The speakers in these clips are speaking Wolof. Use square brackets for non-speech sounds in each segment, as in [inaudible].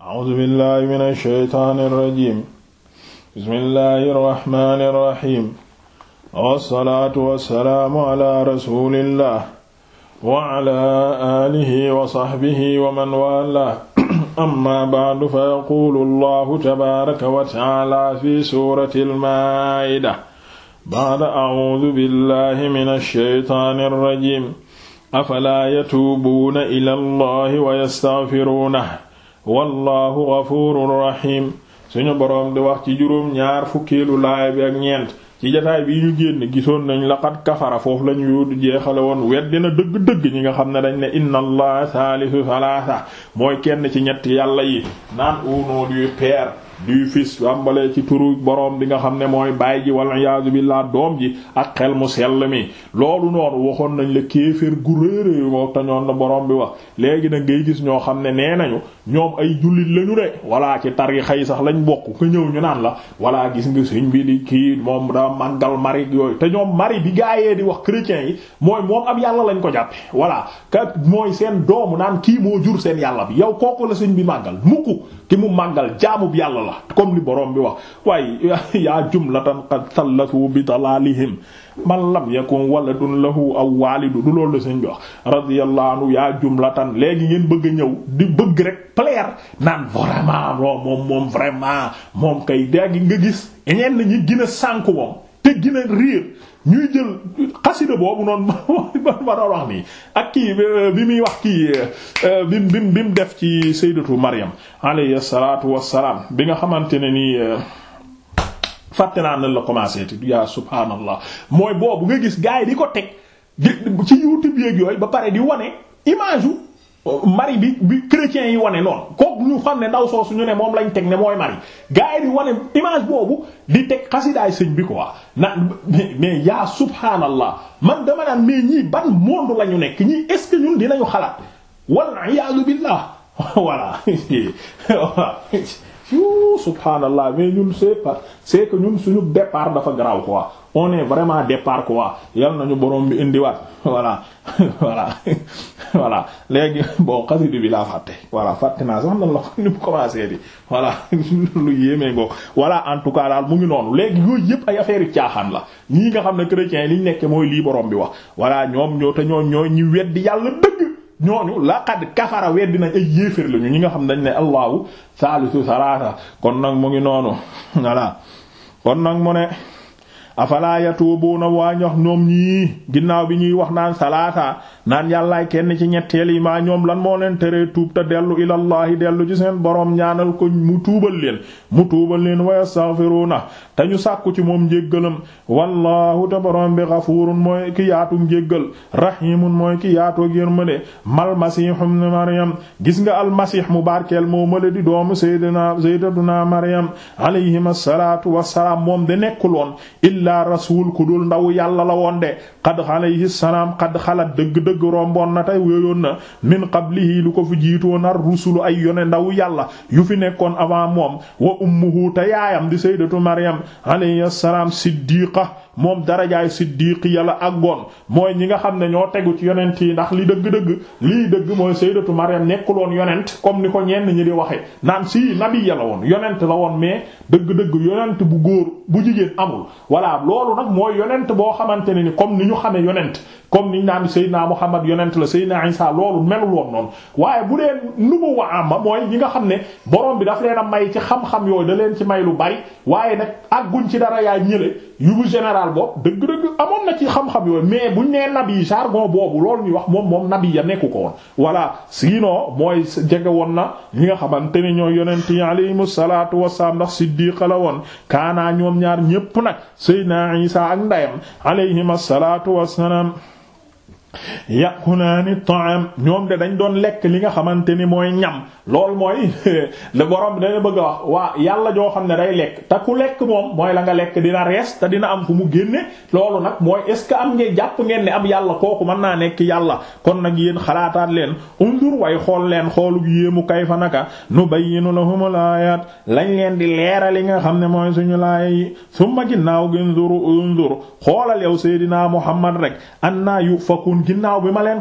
a'uuzu billahi mina shaytaani rajiim bismillahi rahmaani rahiim wassalaatu wassalaamu ala rasulillah wa ala alihi wa sahbihi wa man waalaahu [clears throat] amma ba'du fa yaquulu allahu tabaaraka wa ta'aala fi suuratil maa'ida ba'da a'uuzu billahi mina shaytaani rajiim afalaa yatuubuuna ilaa allahi wa yastaghfiruunahu wallahu ghafurur rahim suñu boroom di wax ci juróom ñaar fukkeelu laay bi ak ñeent ci jataay bi ñu génn gisoon nañ laqad kafara foofu la ñu jeexale woon weddina dëgg-dëgg ñi nga xam ne dañu ne inna allaha saalisu salaasa mooy kenn ci ñett yàlla yi naan uunoo du père du fils ambalee ci turu boroom bi nga xam ne mooy baay ji wal iyaazu billaah doom ji ak xel mu sell mi loolu noonu waxoon nañ la kéeféer gu réeréer moo tañoon na boroom bi wax léegi nag ngay gis ñoo xam ne nee nañu ñoom ay jullit lañu de walla ci tarixa yi sax lañ bokk ko ñëw ñu naan la walla gis nga suñ bi di kii moom da màggal mari yooyu te ñoom mari bi gaayee di wax chrétiens yi mooy moom ab yàlla lañ ko jàppe walla ka mooy seen doomu naan kii moo jur seen yàlla yow kooku la suñ bi màggal mukk ki mu màggal jaamub yàlla la comme li borom bi wax waaye [laughs] yaa jumlatan qad thallathu bi dalalihim man lam yakun waladun lahu aw waalidu du loolu la seen jox radiyallahu anhu yaa jumlatan léegi ngeen bëgg a ñëw di bëgg rek plaire naan vraiment moom moom moom vraiment moom kay dégg nga gis ñenn ñi gën sànku moom. te gina riir ñuy jël xasida boobu noonu [laughs] ma ma doon wax nii ak kii euh, bi muy wax kii euh, bi mu def ci sayyidatu Maryam alayhi salaatu wassalaam bi nga xamante ne nii euh, fàtte naa nan la commencé ti yaa subhaanallah mooy boobu nga gis gars yi di ko teg ci YouTube yeeg yooyu ba pare di wone image mari bi bi chrétiens yi wane noonu kook ñu xam ne ndaw soosu ñu ne moom lañ teg ne mooy mari gars yi di wane image boobu di teg xasidaay sëñ bi quoi na mais yaa subhaanallah man dama naan mais ñii ban monde la ñu nekk ñii est ce que ñun dinañu xalaat naa iyaadu billah [laughs] voilà [laughs] wuu subhanallah mais ñun c'est pas c'est que ñun suñu départ dafa garaaw quoi on est vraiment départ quoi yal nañu borom bi indiwaat [laughs] voilà [laughs] voilà [laughs] voilà léegi bon xasidu bi laa fàtte voilà fàtte naa sax nan la ko ni mu commencé di voilà lu yéemee ngoo en tout cas daal mu ngi noonu léegi yooyu yu caaxaan la ñii nga xam ne chrétiens yi liñ nekke mooy lii borom bi wax voilà ñoom ñoo te ñoo ñooy ñi yàlla dëgg ñooñu laqad kafara weddi nañ ay yéeféer lañu ñi nga xam dañ ne allahu saalisu salaasa kon nag mu ngi noonu voilà kon nag mu ne afala na waa ñox ñoom ñii ginnaaw bi ñuy wax naan salaasa naan yàllaay kenn ci ñetteel yi maa ñoom lan moo leen teree tuub te dellu ilallahi dellu ci seen boroom ñaanal ko mu tuubal leen mu tuubal leen wa yastaghfiruna te ñu sàkku ci moom njéggalam wallahu te boroom bi ghafurun mooy ki yaatu njéggal rahimun mooy ki yaatu ak yërmande mal gis nga al masih mu barkeel moo mala di doomu sayyidina sayyidatuna maryam alayhim assalatu wassalaam moom de nekkul woon illa rasul ku dul ndaw yàlla la won de qad alayhi salam qad xalat dëgg dëgg romboon na tey wéyoon na min qablihi lu ko fi jiitoon ar rusulu ay yone ndaw yàlla yu fi nekkoon avant moom wa ummuhu te yaayam di sayyidatu maryam alayhi salaam siddiqa moom darajaay siddiqi yàlla àggoon mooy ñi nga xam ne ñoo tegu ci yonent yi ndax li dëgg-dëgg lii dëgg mooy sayyidatu maryam nekkuloon yonent comme ni ko ñenn ñi di waxe naan si nabi yàlla woon yonent la woon mais dëgg-dëgg yonent bu góor bu jigéen amul voilà loolu nag mooy yonent Muhammad yonent la Seydina Isa loolu melul woon nga xam ne borom bi daf a may ci xam-xam yooyu da leen ci may lu bari waaye nag àgguñ ci dara yaa yu général boobu dëgg-dëgg amoon na ci xam-xam yooyu mais buñ nee nabi jargon boobu loolu ñuy wax moom moom nabi ya nekku ko woon voilà sinon mooy jege woon na ñi nga xamante ne ñooy yonent yi alayhimu salaatu wassalaam ndax siddiqa la woon kaanaa ñoom ñaar ñépp nag Seydina Isa ak ndayam alayhim yàqunaani ta'am ñoom de dañ doon lekk li nga xamante ni mooy ñam loolu mooy [laughs] le borom dana bëgg a wax waa yàlla joo xam ne day lekk te ku lekk moom mooy la nga lekk dina rees te dina am fu mu génne loolu nag mooy est ce que am ngeen jàpp ngeen ni am yàlla kooku mën naa nekk yàlla kon nag yéen xalaataat leen undur way xool leen xoolu yéemu kayfa naka nu bayyinu lahumul ayat lañ leen di leeral li nga xam ne mooy suñu laay yi summa ginnaaw ginzuru undur xoolal yow seydinaa muhammad rek anna yufakun ginnaaw bi ma leen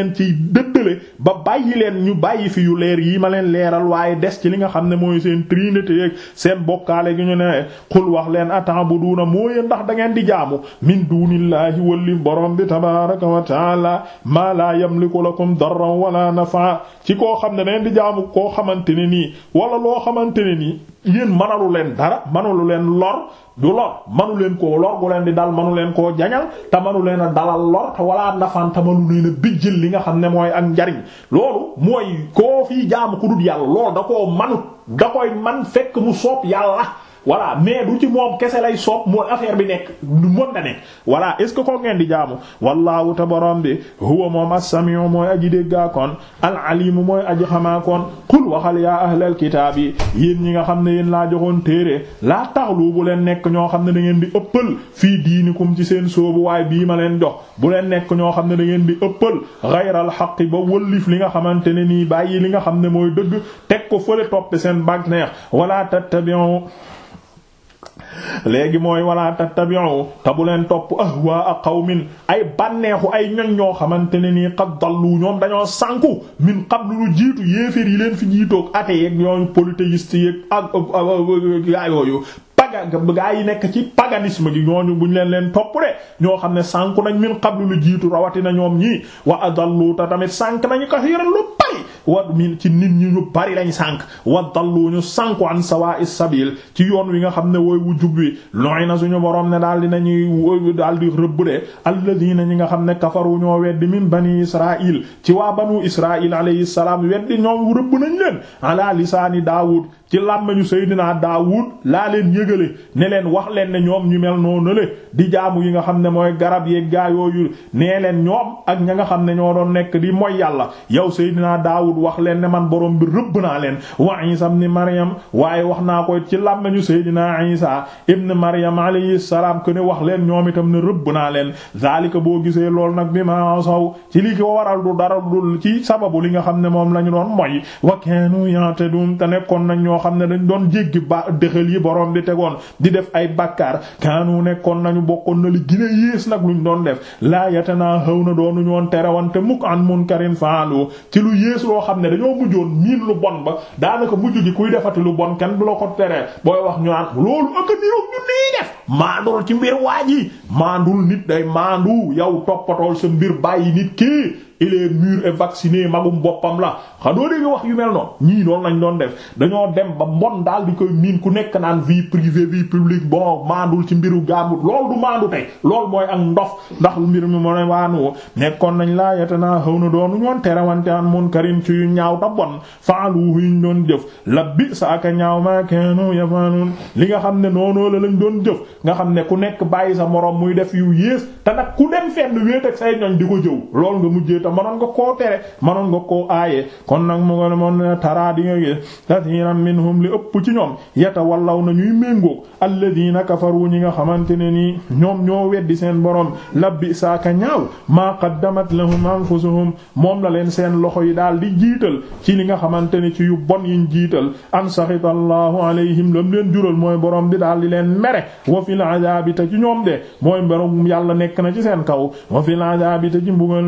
leen ciy dëddale ba bàyyi leen ñu bàyyi fi yu leer yi ma leen leeral waaye des ci li nga xam ne mooy seen trinité yeeg seen bokkaale gi ñu ne xul wax leen ata'buduna mooy ndax da ngeen di jaamu min dunillahi walli borom bi tabaraka wa taala ma la yamliku lakum darran wala nafa ci koo xam ne da ngeen di jaamu koo xamante ne nii wala loo xamante nii yéen manalu leen dara manalu leen lor du lor manu leen koo lor leen di dal manu leen koo jañal te manu leen a dalal lor te walaa nafaan te manu leen a li nga xam ne mooy ak njariñ loolu mooy koo fii jaamu ku dul yàlla loolu da koo manut da koy man fekk mu soob yàlla voilà mais du ci moom kese lay soob mooy affaire bi nekk du mën na nekk voilà est ce ko ngeen di jaamu wallaahu te borom bi huwa moom as-sami'u mooy aji déggaa kon al-alimu mooy aji xamaa kon qul waxal yaa ahlal kitaab yi yéen ñi nga xam ne yéen laa joxoon téere laa taxlu bu leen nekk ñoo xam ne da ngeen di ëppal fii diinikum ci seen soobu waaye bii ma leen jox bu leen nekk ñoo xam ne da ngeen di ëppal xayral xaqi ba wëllif li nga xamante ne nii bàyyi li nga xam ne mooy dëgg teg ko fële topp seen bànneex wala tattabi'u léegi mooy wala tattabi'u te bu leen topp ahwaa qawmin ay bànneexu ay ñoñ ñoo xamante ne nii qad dallu ñoom dañoo sànku min qablu lu jiitu yéeféer yi leen fi jiitoog ate yeeg ñooñu polythéistes yeeg ak yooyu paga gaa yi nekk ci paganisme gi ñooñu buñ leen leen topp de ñoo xam ne sànku nañ min qablu lu jiitu rawatina ñoom ñii wa adallu ta tamit sànk nañu kasiiran lu bari wa min ci nit ñi ñu bari lañ sànk wa dallu ñu sànku an sawa'is sabil ci yoon wi nga xam ne wooy wu jub wi looy na suñu borom ne daal di nañuy daal di rëbb de alladina ñi nga xam ne kafaru ñoo weddi min bani israil ci waa banu israil alayhi salaam weddi ñoom rëbb nañ leen ala lisaani ci làmmiñu Seydina Daawud laa leen yëgale ne leen wax leen ne ñoom ñu mel noo le di jaamu yi nga xam ne mooy garab yee gaa yooyu nee leen ñoom ak ña nga xam ne ñoo doon nekk di mooy yàlla yow Seydina Daawud wax leen ne man borom bi rëbb naa leen wa Isa ibn Maryam waaye wax naa ko ci làmmiñu Seydina Isa ibn Maryam alayhi salaam ko ne wax leen ñoom itam ne rëbb naa leen zalika boo gisee lool nag bi ma saw ci lii ko waral du dara dul ci sababu li nga xam ne moom lañu doon mooy xam ne dañ doon jéggi ba dëxal yi borom bi tegoon di def ay bàkkaar kaanu nekkoon nañu bokkoon na li gine yées nag luñ doon def laa yatanaa xëw na doonu ñoon terewante mukk an munkarin faalu ci lu yées loo xam ne dañoo mujjoon miin lu bon ba daanaka mujj gi kuy defati lu bon kenn du la ko teree booy wax ñu naan loolu ëkk niroog ñu nii def maandul ci mbir waaj yi maandul nit day maandu yow toppatool sa mbir bàyyi nit kii il est mûr et la xam doo wax yu mel noonu ñii noonu lañ doon def dañoo dem ba mbon daal di koy miin ku nekk naan vie privée vie publique boo maandul ci mbiru gaabu lool du maandu tey lool mooy ak ndox ndax mbir mi mu ne nekkoon nañ laa yatanaa xaw na doonu ñoon terawante moon munkarin ci yu ñaaw ta bon faaluhu yuñ doon jëf la bi sa aka ñaaw ma kaanu yafaanun li nga xam ne noonu la lañ doon jëf nga xam ne ku nekk bàyyi sa moroom muy def yu yées te nag ku dem fenn di ko lool nga mujjee te mënoon nga koo tere mënoon nga koo aaye kon nag mu nga moon ne taraa di nga gis kathiran minhum li ëpp ci ñoom yatawallaw na ñuy méngoog alladina kafaru ñi nga xamante ne nii ñoom ñoo weddi seen borom labbi saaka ñaaw maa qaddamat lahum anfusuhum moom la leen seen loxo yi daal di jiital ci li nga xamante ni ci yu bon yiñ jiital an saxita la alayhim lam leen jural mooy borom bi daal di leen mere wa fil azabi ta ci ñoom de mooy mberum yàlla nekk na ci seen kaw wa fil azabi ci mbugal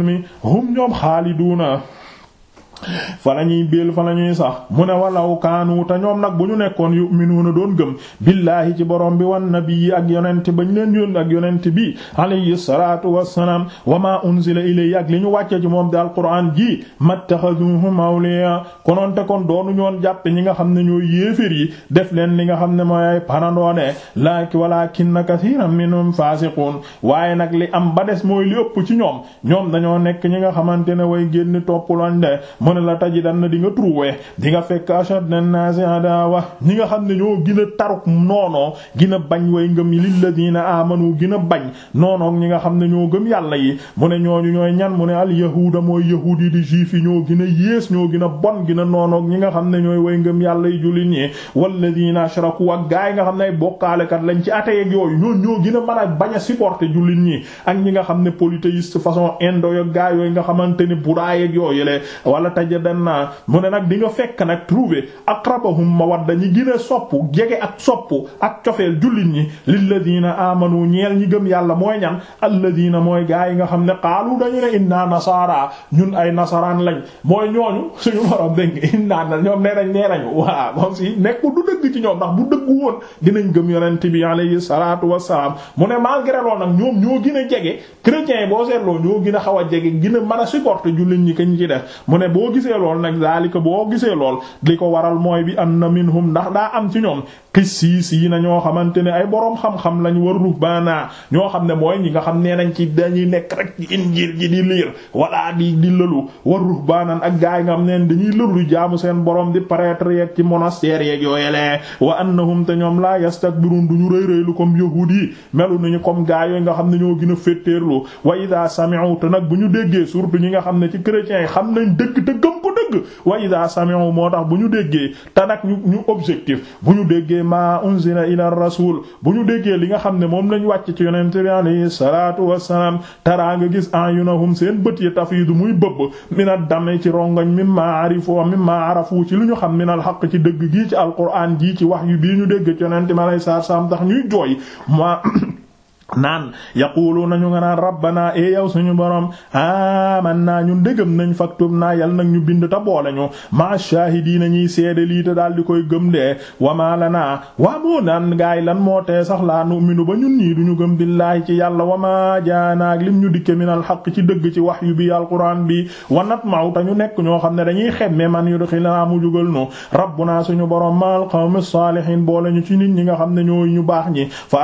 fa la ñuy béel fa la ñuy sax mu ne walaw kaanu te ñoom nag bu ñu nekkoon yu'minuuna doon gëm billaahi ci borom bi wan nabii ak yonent bañ leen yónni ak yonent bi alayhi salaatu wassalaam wa maa unzila ilayhi ak li ñu wàcce ci moom daal qur'aan ji mattaxaduhum awliya konoon te kon doonu ñoon jàppe ñi nga xam ne ñooy yéefér yi def leen li nga xam ne mooy ay parandoone laaki walaakinna kasiiran minhum faasiqun waaye nag li am ba des mooy li ëpp ci ñoom nekk ñi nga xamante ne way génn topp loñ de mu ne la tajidanna di nga trouver di nga fekk ashadna an-nasi adawa ñi nga xam ne ñoo gën a taruk noonoo gën a bañ way ngëm lilladina amanu gën bañ noonoog ñi nga xam ne ñoo gëm yàlla yi mu ne ñooñu ñooy ñan mu ne al yahuda mooy yahuud yi di juif ñi nga xam ne ñooy way ngëm yàlla yi jullit ñi walladina ashraku ak gaay nga xam ne ay bokkaalekat lañ ci atay ak yooyu ñoo ñoo gën a mën a bañ a supporter jullit ñi ak ñi nga xam ne polythéiste façon indo yo gaay yooyu nga xamante ni buraay ak yooyu le wala tajidanna mu ne nag di nga fekk nag trouver aqrabahum mawadda ñi gën a sopp jege ak sopp ak cofeel jullit ñi lilladina amanu ñeel ñi gëm yàlla mooy ñan alladina mooy gaa yi nga xam ne qaalu dañu ne inna nasara ñun ay nasaraan lañ mooy ñooñu suñu borom dégg inna na ñoom nee nañ nee nañu waaw moom si nekku du dëgg ci ñoom ndax bu dëggu woon dinañ gëm yonent bi alayhi salaatu wassalaam mu ne malgré nag ñoom ñoo gën a jege chrétiens yi boo seetloo ñoo gën a a jege a mën a supporter jullit ñi kañ ci def mu boo gisee lool nag zalika boo gisee lool li ko waral mooy bi am na minhum ndax daa am ci ñoom qissiis yi na ñoo xamante ne ay boroom xam-xam lañ war ruhbaana ñoo xam ne mooy ñi nga xam nee nañ ci dañuy nekk rek ci injiil ji di di di lëlu war ruhbaanan ak gaa yi nga xam neen dañuy lëlu jaamu seen boroom di prêtre yeeg ci monastère yeeg yooyelee wa annahum la yastakbirun duñu rëy rëylu comme yahuud yi melu nañu comme gaa yooyu nga xam ne ñoo gën a féttéerlu wa idha sami'u te nag bu ñu déggee surtout ñi nga xam ne ci chrétiens yi xam nañ dëgg dëgg gëm ko dëgg wa idha sami'u moo tax bu ñu déggee ta nag ñu ñu objectif bu ñu déggee ma unzila ila rasul bu ñu déggee li nga xam ne moom lañ wàccee ci yonent bi alayhi salaatu wassalaam taraa nga gis ayunahum seen bët yi tafiidu muy bëbb mina dame ci rongoñ mimma arifu mimma arafu ci lu ñu xam minal haqq ci dëgg gii ci alquraan gii ci wax yu bii ñu dégg ci yonent bi alayhi salaatu wassalaam tax ñuy jooy ma naan yaqulu nañu nga naan rabbana e yow suñu borom aman naa ñun dëgëm nañ faktub naa yal nag ñu bind ta boole ñu ma shahidiina ñiy seede lii te daal di koy gëm dee wama la naa waa moo naan gaay lan moo tee sax laa nu'minu ba ñun ñii duñu gëm billaahi ci yàlla wama jaanaak lim ñu dikke min al haqq ci dëgg ci wax yu bi alquran bi wanat maaw te ñu nekk ñoo xam ne dañuy xemme man yu doxi lanaa mu jugal nu rabbuna suñu borom ma al qawmi salihin ci ñi nga xam ne ñu baax ñi fa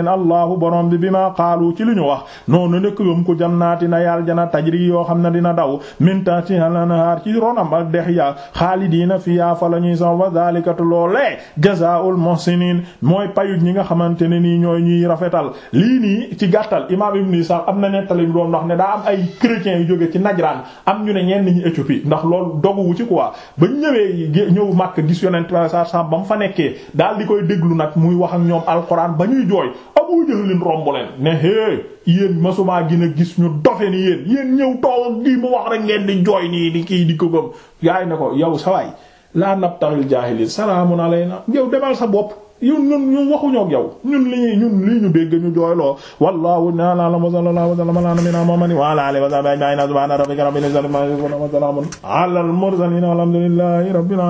leen allahu borom bi bi maa xaalu ci lu ñu wax noonu nekk yom ko jannaati na yàlla jana tajri yoo xam ne dina daw min tahtiha lanhaar ci ronam ak dex ya xaalidiina fiha fa la ñuy sax wa dalikatu loolee jazaa'ul muhsinin mooy payu ñi nga xamante ne nii ñooy ñuy rafetal lii nii ci gàttal imam ibn Isa am na nettali bi doon ne daa am ay chrétiens yu jóge ci Najran am ñu ne ñenn ñi ndax loolu doguwu ci quoi ba ñëwee ñëw Makka gis yonent sa sa mu fa nekkee daal di koy déglu nag muy wax ak ñoom alquran ba ñuy jooy Abu Jahlin romb leen ne hé yéen masumaa gën a gis ñu dofe ni yéen yéen ñëw toog gi mu wax rek ngeen di jooy nii di kii di ko gëm yaay ne ko yow sawaay laa nabtaxil jaahilin salaamun alayna yow demal sa bopp ñun ñun ñun waxuñoo ak yow ñun lii ñun lii ñu dégg ñu jooyloo wallahu ta'ala a'lam wa sallallahu wa sallama ala nabiyyina muhammadin wa ala alihi wa sahbihi ajma'in subhana rabbika rabbil izzati amma yasifun wa salamun ala al mursalin walhamdulillahi rabbil alamin